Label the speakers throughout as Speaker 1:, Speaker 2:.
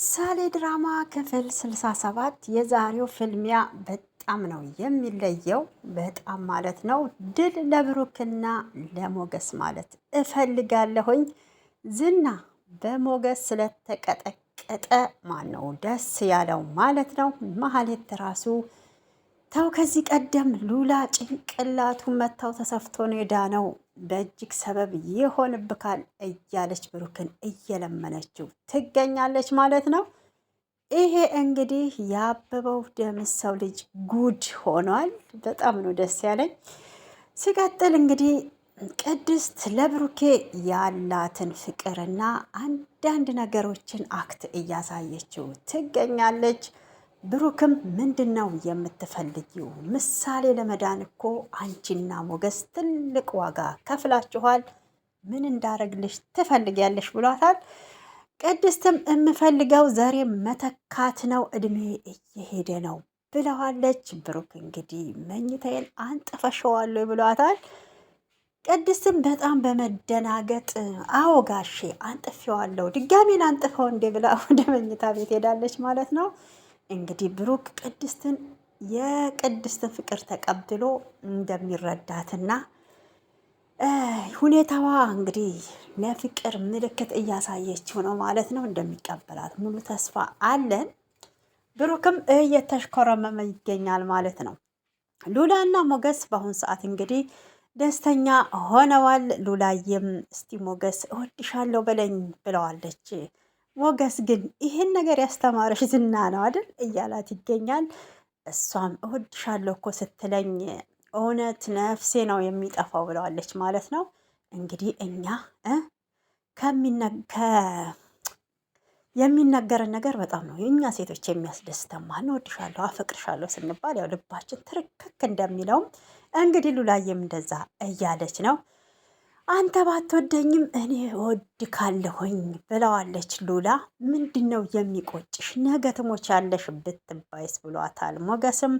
Speaker 1: ምሳሌ ድራማ ክፍል 67 የዛሬው ፍልሚያ በጣም ነው የሚለየው። በጣም ማለት ነው። ድል ለብሩክና ለሞገስ ማለት እፈልጋለሁኝ። ዝና በሞገስ ስለተቀጠቀጠ ማን ነው ደስ ያለው ማለት ነው። መሀሌት ራሱ ተው ከዚህ ቀደም ሉላ ጭንቅላቱ መታው ተሰፍቶ ነው የዳነው፣ በእጅግ ሰበብ ይሆንብካል እያለች ብሩክን እየለመነችው ትገኛለች ማለት ነው። ይሄ እንግዲህ ያበበው ደምሰው ልጅ ጉድ ሆኗል። በጣም ነው ደስ ያለኝ። ሲቀጥል እንግዲህ ቅድስት ለብሩኬ ያላትን ፍቅርና አንዳንድ ነገሮችን አክት እያሳየችው ትገኛለች። ብሩክም ምንድን ነው የምትፈልጊው? ምሳሌ ለመዳን እኮ አንቺና ሞገስ ትልቅ ዋጋ ከፍላችኋል። ምን እንዳረግልሽ ትፈልጊያለሽ? ብሏታል። ቅድስትም የምፈልገው ዘሬ መተካት ነው፣ እድሜ እየሄደ ነው ብለዋለች። ብሩክ እንግዲህ መኝታዬን አንጥፈሸዋለሁ ብሏታል። ቅድስትም በጣም በመደናገጥ አዎ ጋሼ አንጥፌዋለሁ፣ ድጋሜን አንጥፈው እንዴ ብላ ወደ መኝታ ቤት ሄዳለች ማለት ነው። እንግዲህ ብሩክ ቅድስትን የቅድስትን ፍቅር ተቀብሎ እንደሚረዳትና ሁኔታዋ እንግዲህ ለፍቅር ምልክት እያሳየችው ነው ማለት ነው። እንደሚቀበላት ሙሉ ተስፋ አለን። ብሩክም እየተሽኮረመመ ይገኛል ማለት ነው። ሉላና ሞገስ በአሁኑ ሰዓት እንግዲህ ደስተኛ ሆነዋል። ሉላዬም እስቲ ሞገስ እወድሻለሁ በለኝ ብለዋለች። ሞገስ ግን ይህን ነገር ያስተማረሽ ዝና ነው አይደል እያላት ይገኛል። እሷም እወድሻለሁ እኮ ስትለኝ እውነት ነፍሴ ነው የሚጠፋው ብለዋለች ማለት ነው። እንግዲህ እኛ የሚነገርን ነገር በጣም ነው የእኛ ሴቶች የሚያስደስተን። ማን እወድሻለሁ፣ አፈቅርሻለሁ ስንባል ያው ልባችን ትርክክ እንደሚለውም እንግዲህ ሉላዬም እንደዛ እያለች ነው። አንተ ባትወደኝም እኔ ካለሁኝ ብለዋለች ሉላ። ምንድን ነው የሚቆጭሽ? ነገ ያለሽ ብትባይስ ብሏታል ሞገስም።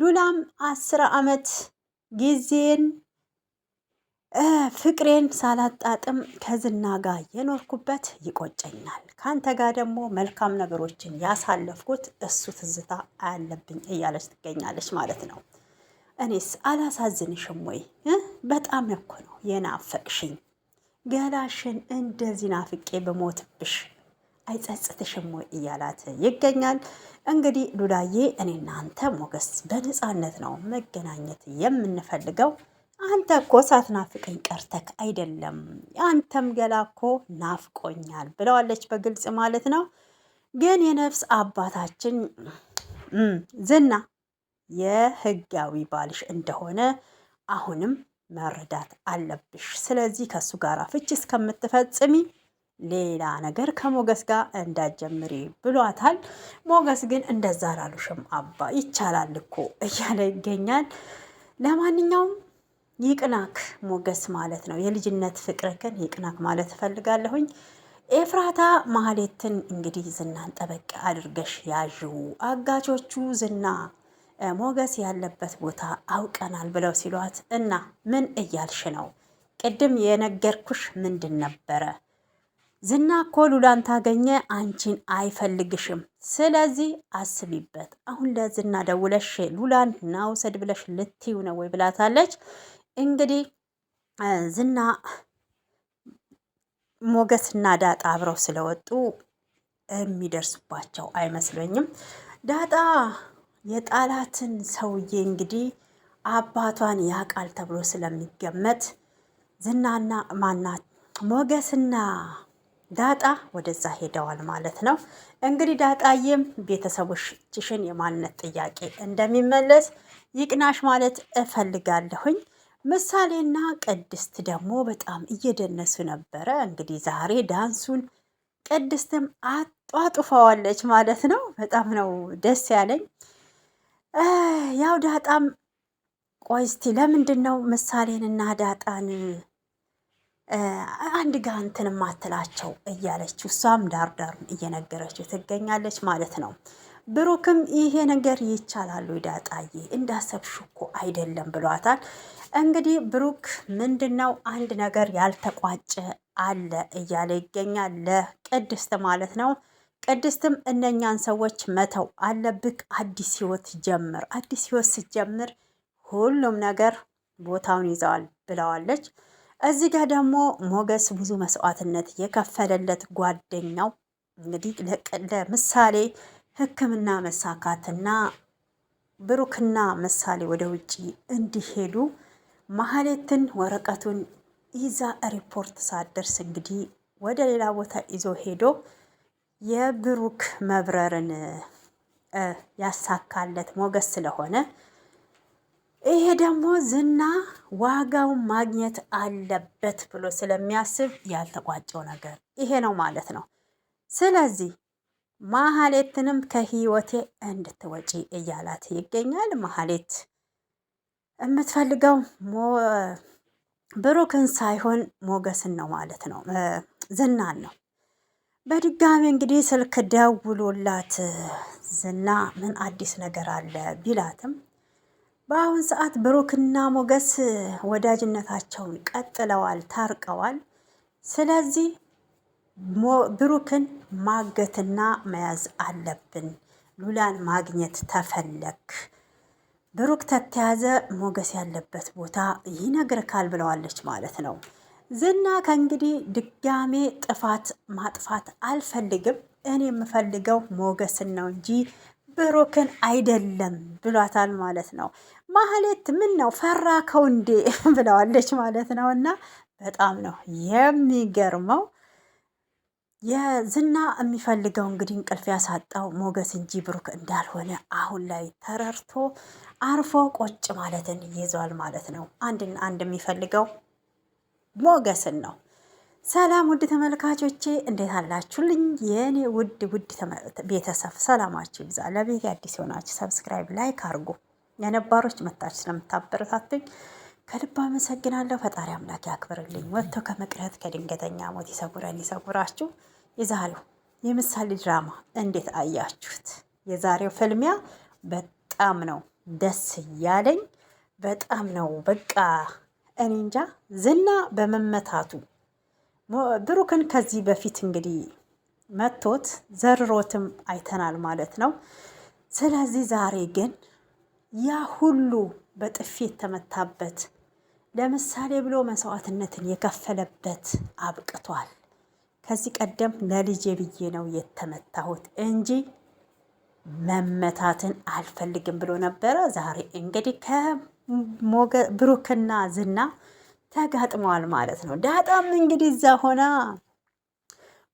Speaker 1: ሉላም አስር አመት ጊዜን ፍቅሬን ሳላጣጥም ከዝና ጋር የኖርኩበት ይቆጨኛል። ከአንተ ጋር ደግሞ መልካም ነገሮችን ያሳለፍኩት እሱ ትዝታ አያለብኝ እያለች ትገኛለች ማለት ነው። እኔስ አላሳዝንሽም ወይ? በጣም እኮ ነው የናፈቅሽኝ። ገላሽን እንደዚህ ናፍቄ በሞትብሽ አይጸጽትሽም ወይ እያላት ይገኛል። እንግዲህ ሉላዬ፣ እኔና አንተ ሞገስ በነፃነት ነው መገናኘት የምንፈልገው። አንተ እኮ ሳትናፍቀኝ ቀርተክ አይደለም፣ አንተም ገላ እኮ ናፍቆኛል ብለዋለች፣ በግልጽ ማለት ነው። ግን የነፍስ አባታችን ዝና የህጋዊ ባልሽ እንደሆነ አሁንም መረዳት አለብሽ። ስለዚህ ከእሱ ጋር ፍቺ እስከምትፈጽሚ ሌላ ነገር ከሞገስ ጋር እንዳጀምሪ ብሏታል። ሞገስ ግን እንደዛ አላሉሽም አባ ይቻላል እኮ እያለ ይገኛል። ለማንኛውም ይቅናክ ሞገስ ማለት ነው። የልጅነት ፍቅርህን ይቅናክ ማለት እፈልጋለሁኝ። ኤፍራታ ማህሌትን እንግዲህ ዝናን ጠበቅ አድርገሽ ያዥው። አጋቾቹ ዝና ሞገስ ያለበት ቦታ አውቀናል ብለው ሲሏት እና ምን እያልሽ ነው? ቅድም የነገርኩሽ ምንድን ነበረ? ዝና እኮ ሉላን ታገኘ አንቺን አይፈልግሽም። ስለዚህ አስቢበት። አሁን ለዝና ደውለሽ ሉላን ናውሰድ ብለሽ ልትዩ ነው ወይ ብላታለች። እንግዲህ ዝና ሞገስና ዳጣ አብረው ስለወጡ የሚደርሱባቸው አይመስለኝም ዳጣ የጣላትን ሰውዬ እንግዲህ አባቷን ያውቃል ተብሎ ስለሚገመት ዝናና ማናት ሞገስና ዳጣ ወደዛ ሄደዋል ማለት ነው። እንግዲህ ዳጣዬም ቤተሰቦችሽን የማንነት ጥያቄ እንደሚመለስ ይቅናሽ ማለት እፈልጋለሁኝ። ምሳሌና ቅድስት ደግሞ በጣም እየደነሱ ነበረ። እንግዲህ ዛሬ ዳንሱን ቅድስትም አጧጡፈዋለች ማለት ነው። በጣም ነው ደስ ያለኝ። ያው ዳጣም ቆይ እስቲ ለምንድን ነው እና ዳጣን አንድ ጋ እንትን ማትላቸው እያለች እሷም ዳርዳር እየነገረችው ትገኛለች ማለት ነው። ብሩክም ይሄ ነገር ይቻላሉ ዳጣዬ እንዳሰብሽ እኮ አይደለም ብሏታል። እንግዲህ ብሩክ ምንድን ነው አንድ ነገር ያልተቋጨ አለ እያለ ይገኛል ለቅድስት ማለት ነው። ቅድስትም እነኛን ሰዎች መተው አለብክ። አዲስ ህይወት ጀምር። አዲስ ህይወት ስትጀምር ሁሉም ነገር ቦታውን ይዘዋል ብለዋለች። እዚህ ጋር ደግሞ ሞገስ ብዙ መስዋዕትነት የከፈለለት ጓደኛው እንግዲህ ለምሳሌ ህክምና መሳካትና ብሩክና ምሳሌ ወደ ውጭ እንዲሄዱ ማህሌትን ወረቀቱን ይዛ ሪፖርት ሳደርስ እንግዲህ ወደ ሌላ ቦታ ይዞ ሄዶ የብሩክ መብረርን ያሳካለት ሞገስ ስለሆነ ይሄ ደግሞ ዝና ዋጋውን ማግኘት አለበት ብሎ ስለሚያስብ ያልተቋጨው ነገር ይሄ ነው ማለት ነው። ስለዚህ ማህሌትንም ከህይወቴ እንድትወጪ እያላት ይገኛል። ማህሌት የምትፈልገው ብሩክን ሳይሆን ሞገስን ነው ማለት ነው፣ ዝናን ነው። በድጋሚ እንግዲህ ስልክ ደውሎላት ዝና ምን አዲስ ነገር አለ ቢላትም በአሁን ሰዓት ብሩክና ሞገስ ወዳጅነታቸውን ቀጥለዋል፣ ታርቀዋል። ስለዚህ ብሩክን ማገትና መያዝ አለብን። ሉላን ማግኘት ተፈለክ ብሩክ ተተያዘ ሞገስ ያለበት ቦታ ይነግርካል ብለዋለች ማለት ነው። ዝና ከእንግዲህ ድጋሜ ጥፋት ማጥፋት አልፈልግም፣ እኔ የምፈልገው ሞገስን ነው እንጂ ብሩክን አይደለም ብሏታል ማለት ነው። ማህሌት ምን ነው ፈራከው እንዴ ብለዋለች ማለት ነው። እና በጣም ነው የሚገርመው የዝና የሚፈልገው እንግዲህ እንቅልፍ ያሳጣው ሞገስ እንጂ ብሩክ እንዳልሆነ አሁን ላይ ተረርቶ አርፎ ቆጭ ማለትን ይዟል ማለት ነው። አንድና አንድ የሚፈልገው ሞገስን ነው። ሰላም ውድ ተመልካቾቼ እንዴት አላችሁልኝ? የእኔ ውድ ውድ ቤተሰብ ሰላማችሁ ይብዛ። ለቤት አዲስ የሆናችሁ ሰብስክራይብ፣ ላይክ አርጉ። የነባሮች መታችሁ ስለምታበረታቱኝ ከልብ አመሰግናለሁ። ፈጣሪ አምላክ ያክብርልኝ። ወጥቶ ከመቅረት ከድንገተኛ ሞት ይሰጉረን፣ ይሰጉራችሁ። የዛሬው የምሳሌ ድራማ እንዴት አያችሁት? የዛሬው ፍልሚያ በጣም ነው ደስ እያለኝ፣ በጣም ነው በቃ እኔ እንጃ ዝና በመመታቱ ብሩክን ከዚህ በፊት እንግዲህ መቶት ዘርሮትም አይተናል ማለት ነው። ስለዚህ ዛሬ ግን ያ ሁሉ በጥፊ የተመታበት ለምሳሌ ብሎ መስዋዕትነትን የከፈለበት አብቅቷል። ከዚህ ቀደም ለልጄ ብዬ ነው የተመታሁት እንጂ መመታትን አልፈልግም ብሎ ነበረ። ዛሬ እንግዲህ ብሩክና ዝና ተጋጥመዋል ማለት ነው። ዳጣም እንግዲህ እዛ ሆና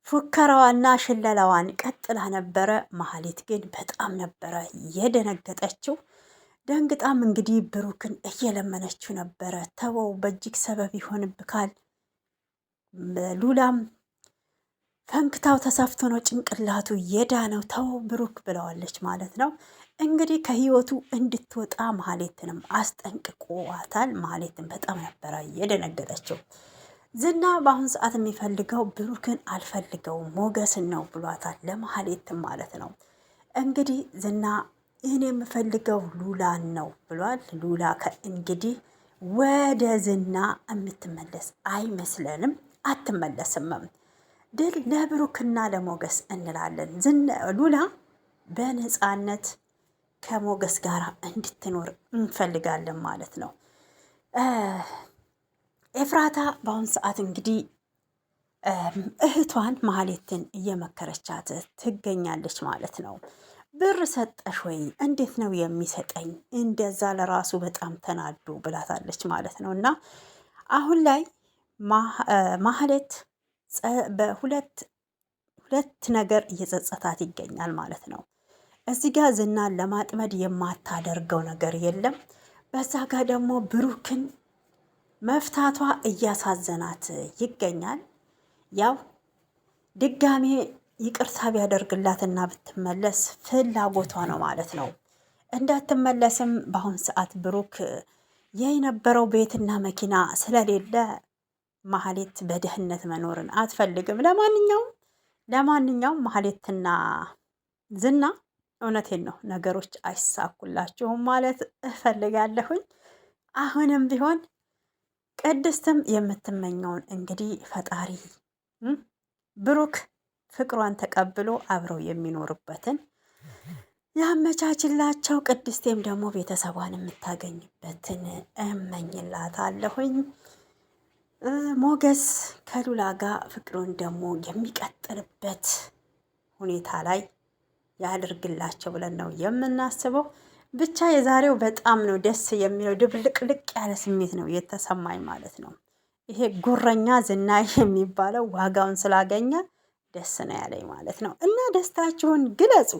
Speaker 1: ፉከራዋና ሽለላዋን ቀጥላ ነበረ። መሀሌት ግን በጣም ነበረ የደነገጠችው። ደንግጣም እንግዲህ ብሩክን እየለመነችው ነበረ። ተወው በእጅግ ሰበብ ይሆንብካል። ሉላም ፈንክታው ተሳፍቶ ነው ጭንቅላቱ የዳነው ተወው ብሩክ ብለዋለች ማለት ነው። እንግዲህ ከህይወቱ እንድትወጣ ማህሌትንም አስጠንቅቆዋታል። ማህሌትን በጣም ነበረ የደነገጠችው። ዝና በአሁን ሰዓት የሚፈልገው ብሩክን አልፈልገውም ሞገስን ነው ብሏታል፣ ለማህሌትም ማለት ነው። እንግዲህ ዝና ይህን የምፈልገው ሉላን ነው ብሏል። ሉላ ከእንግዲህ ወደ ዝና የምትመለስ አይመስለንም፣ አትመለስምም። ድል ለብሩክና ለሞገስ እንላለን። ሉላ በነፃነት ከሞገስ ጋር እንድትኖር እንፈልጋለን ማለት ነው። ኤፍራታ በአሁን ሰዓት እንግዲህ እህቷን ማህሌትን እየመከረቻት ትገኛለች ማለት ነው። ብር ሰጠሽ ወይ? እንዴት ነው የሚሰጠኝ? እንደዛ ለራሱ በጣም ተናዱ ብላታለች ማለት ነው። እና አሁን ላይ ማህሌት በሁለት ሁለት ነገር እየጸጸታት ይገኛል ማለት ነው። እዚህ ጋር ዝናን ለማጥመድ የማታደርገው ነገር የለም። በዛ ጋር ደግሞ ብሩክን መፍታቷ እያሳዘናት ይገኛል። ያው ድጋሜ ይቅርታ ቢያደርግላትና ብትመለስ ፍላጎቷ ነው ማለት ነው። እንዳትመለስም በአሁን ሰዓት ብሩክ የነበረው ቤትና መኪና ስለሌለ ማህሌት በድህነት መኖርን አትፈልግም። ለማንኛውም ለማንኛውም ማህሌትና ዝና እውነቴን ነው ነገሮች አይሳኩላችሁም ማለት እፈልጋለሁኝ። አሁንም ቢሆን ቅድስትም የምትመኘውን እንግዲህ ፈጣሪ ብሩክ ፍቅሯን ተቀብሎ አብረው የሚኖሩበትን ያመቻችላቸው፣ ቅድስቴም ደግሞ ቤተሰቧን የምታገኝበትን እመኝላታለሁኝ። ሞገስ ከሉላ ጋር ፍቅሩን ደግሞ የሚቀጥልበት ሁኔታ ላይ ያድርግላቸው ብለን ነው የምናስበው። ብቻ የዛሬው በጣም ነው ደስ የሚለው። ድብልቅልቅ ያለ ስሜት ነው የተሰማኝ ማለት ነው። ይሄ ጉረኛ ዝናይ የሚባለው ዋጋውን ስላገኘ ደስ ነው ያለኝ ማለት ነው። እና ደስታችሁን ግለጹ።